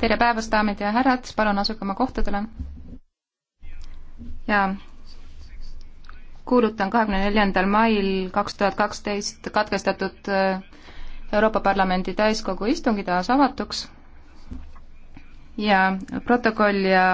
tere päevast, daamid ja härrad, palun asuge oma kohtadele. ja kuulutan kahekümne neljandal mail kaks tuhat kaksteist katkestatud äh, Euroopa Parlamendi täiskogu istungi taas avatuks ja protokoll ja